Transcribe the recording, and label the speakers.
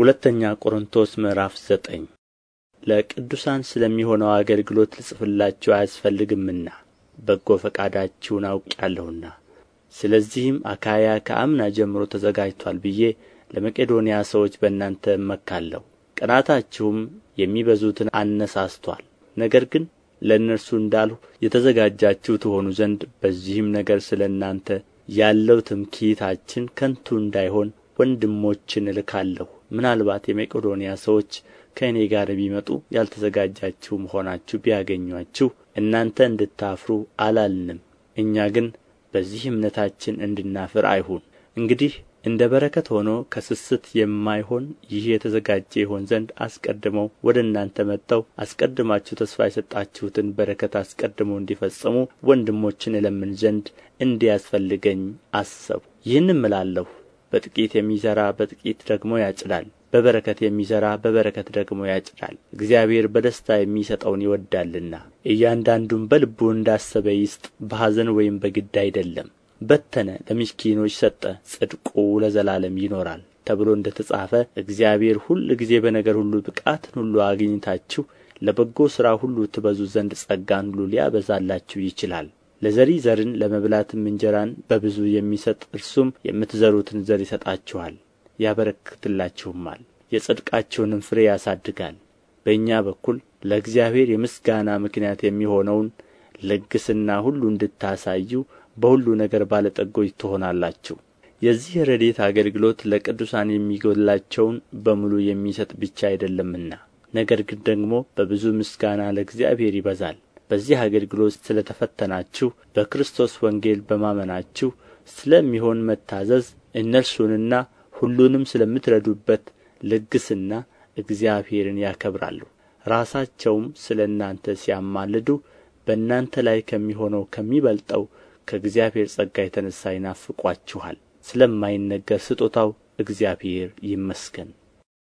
Speaker 1: ሁለተኛ ቆሮንቶስ ምዕራፍ ዘጠኝ ለቅዱሳን ስለሚሆነው አገልግሎት ልጽፍላችሁ አያስፈልግምና በጎ ፈቃዳችሁን አውቅያለሁና ስለዚህም አካያ ከአምና ጀምሮ ተዘጋጅቷል ብዬ ለመቄዶንያ ሰዎች በእናንተ እመካለሁ። ቅናታችሁም የሚበዙትን አነሳስቶአል። ነገር ግን ለእነርሱ እንዳልሁ የተዘጋጃችሁ ትሆኑ ዘንድ በዚህም ነገር ስለ እናንተ ያለው ትምክህታችን ከንቱ እንዳይሆን ወንድሞችን እልካለሁ ምናልባት የመቄዶንያ ሰዎች ከእኔ ጋር ቢመጡ ያልተዘጋጃችሁ መሆናችሁ ቢያገኟችሁ እናንተ እንድታፍሩ አላልንም እኛ ግን በዚህ እምነታችን እንድናፍር አይሁን እንግዲህ እንደ በረከት ሆኖ ከስስት የማይሆን ይህ የተዘጋጀ ይሆን ዘንድ አስቀድመው ወደ እናንተ መጥተው አስቀድማችሁ ተስፋ የሰጣችሁትን በረከት አስቀድመው እንዲፈጽሙ ወንድሞችን እለምን ዘንድ እንዲያስፈልገኝ አሰቡ ይህንም እላለሁ በጥቂት የሚዘራ በጥቂት ደግሞ ያጭዳል በበረከት የሚዘራ በበረከት ደግሞ ያጭዳል እግዚአብሔር በደስታ የሚሰጠውን ይወዳልና እያንዳንዱም በልቡ እንዳሰበ ይስጥ በሐዘን ወይም በግድ አይደለም በተነ ለምስኪኖች ሰጠ ጽድቁ ለዘላለም ይኖራል ተብሎ እንደ ተጻፈ እግዚአብሔር ሁል ጊዜ በነገር ሁሉ ብቃትን ሁሉ አግኝታችሁ ለበጎ ሥራ ሁሉ ትበዙ ዘንድ ጸጋን ሁሉ ሊያበዛላችሁ ይችላል ለዘሪ ዘርን ለመብላትም እንጀራን በብዙ የሚሰጥ እርሱም የምትዘሩትን ዘር ይሰጣችኋል ያበረክትላችሁማል የጽድቃችሁንም ፍሬ ያሳድጋል በእኛ በኩል ለእግዚአብሔር የምስጋና ምክንያት የሚሆነውን ልግስና ሁሉ እንድታሳዩ በሁሉ ነገር ባለ ጠጎች ትሆናላችሁ። የዚህ ረድኤት አገልግሎት ለቅዱሳን የሚጎድላቸውን በሙሉ የሚሰጥ ብቻ አይደለምና ነገር ግን ደግሞ በብዙ ምስጋና ለእግዚአብሔር ይበዛል። በዚህ አገልግሎት ስለ ተፈተናችሁ በክርስቶስ ወንጌል በማመናችሁ ስለሚሆን መታዘዝ እነርሱንና ሁሉንም ስለምትረዱበት ልግስና እግዚአብሔርን ያከብራሉ ራሳቸውም ስለ እናንተ ሲያማልዱ በእናንተ ላይ ከሚሆነው ከሚበልጠው ከእግዚአብሔር ጸጋ የተነሣ ይናፍቋችኋል ስለማይነገር ስጦታው እግዚአብሔር ይመስገን